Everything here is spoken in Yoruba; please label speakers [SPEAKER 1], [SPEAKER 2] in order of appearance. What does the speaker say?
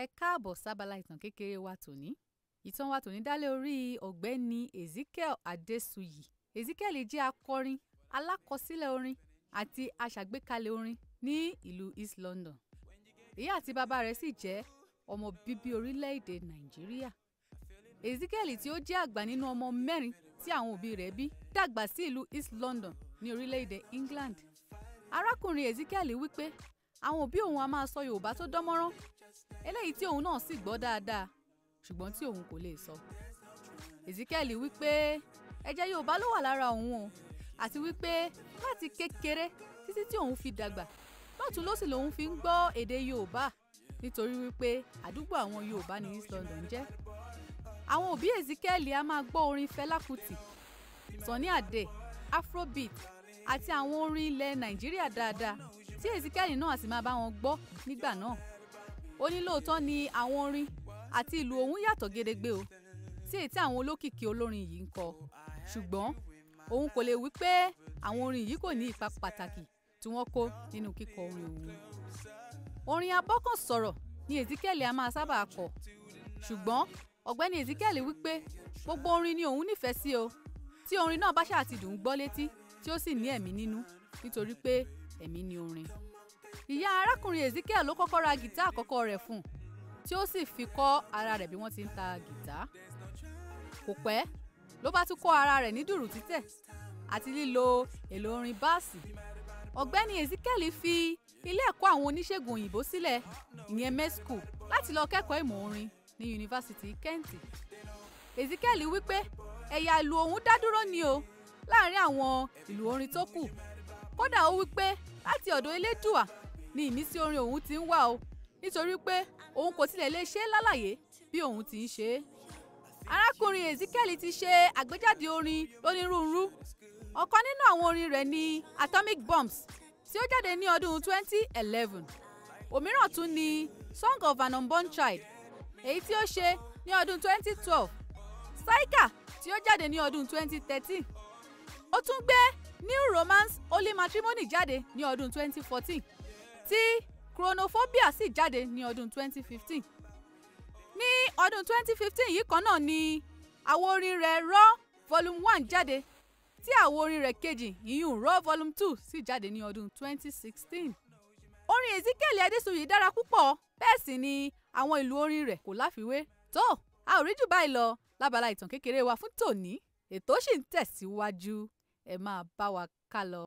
[SPEAKER 1] ẹ káàbọ̀ sábàlá ìtàn kékeré wa tòní ìtàn wa tòní dálé orí ọ̀gbẹ́ni Ezekiel Adesuyi Ezekiel jẹ́ akọrin alákọsílẹ̀ orin àti aṣàgbékalẹ̀ orin ní ìlú East London ìyá àti bàbá rẹ̀ sì jẹ́ ọmọ bíbí orílẹ̀-èdè Nàìjíríà Ezekiel tí ó jẹ́ àgbà nínú ọmọ mẹ́rin tí àwọn òbí rẹ̀ bí dàgbà sí ìlú East London ní orílẹ̀-èdè England arákùnrin Ezekiel wípé àwọn òbí òun a máa sọ Yorùbá tó dánmọ́rán eléyìí tí òun náà sì gbọ́ dáadáa ṣùgbọ́n tí òun kò lè sọ. Ezekiel wípé ẹ̀jẹ̀ Yorùbá ló wà lára òun o àti wípé láti kékeré títí tí òun fi dàgbà lọ́tún lọ́sì lòun fi ń gbọ́ èdè Yorùbá nítorí wípé àdúgbò àwọn Yorùbá ní East London jẹ́. àwọn òbí Ezekiel a máa gbọ́ orin Fẹlá Kútì Sunny Adé afrobeat àti àwọn orin ilẹ̀ Nàìjíríà dáadáa tí Ezekiel náà sì máa bá wọn gbọ́ nígbà náà ó ní lóòótọ́ ni àwọn orin àti ìlù òun yàtọ̀ gedegbe o sí èyí tí àwọn olókìkí olórin yìí ń kọ ṣùgbọ́n òun kò lè wí pé àwọn orin yìí kò ní ipa pàtàkì tí wọ́n kó nínú kíkọ orin òun orin abọ́kànsọ̀rọ̀ ni Ezekiel a máa sábà kọ ṣùgbọ́n ọ̀gbẹ́ni Ezekiel wípé gbogbo orin ni òun nífẹ̀ẹ́ sí o tí orin náà bá ṣáà ti dùn ún gbọ́ létí tí ó sì ní ẹ̀mí nínú nítorí pé ẹ̀mí ni orin. ìyá arákùnrin Ezekiel ló kọ́kọ́ ra gìtá àkọ́kọ́ rẹ̀ fún un tí ó sì fi kọ́ ara rẹ̀ bí wọ́n ti ń ta gìtá. kò pẹ́ ló bá tún kọ́ ara rẹ̀ ní dùrù títẹ̀ àti lílo èlò orin báàsì. ọ̀gbẹ́ni Ezekiel fi ilé ẹ̀kọ́ àwọn oníṣègùn òyìnbó sílẹ̀ ìyẹn med láti lọ kẹ́kọ̀ọ́ ìmọ̀ orin ní yunifásitì Kent. Ezekiel wípé ẹ̀yà ìlù òun dá ni o láàrin àwọn ìlù orin tó kù kódà ó wí pé láti ọ̀dọ̀ elédùà ni ìmísí orin òun ti ń wá o nítorí pé òun kò tilẹ̀ lè ṣe é lálàyé bí òun ti ń ṣe é. arákùnrin Ezekiel ti ṣe àgbéjáde orin lónírúurú ọ̀kan nínú àwọn orin rẹ̀ ni Atomic Bombs tí ó jáde ní ọdún 2011 òmíràn tún ni Song of an Unborn Child èyí tí ó ṣe ní ọdún 2012 Striker tí ó jáde ní ọdún 2013 ó tún gbé new romance only. matrimony jáde ní ọdún 2014 tí chronophobia sì jáde ní ọdún 2015 ní ọdún 2015 yìí kan náà ni àwo orin rẹ̀ raw volume one jáde tí àwo orin rẹ̀ kejì ìyún raw volume two sì jáde ní ọdún 2016 orin Ezekiel Adésùyì dára púpọ̀ bẹ́ẹ̀ sì ni àwọn ìlú orin rẹ̀ kò láfiwé tó a ò rí jù báyìí lọ lábala ìtàn kékeré wa fún tòní ètò sì ń tẹ̀síwájú ẹ máa bá wa ká lọ.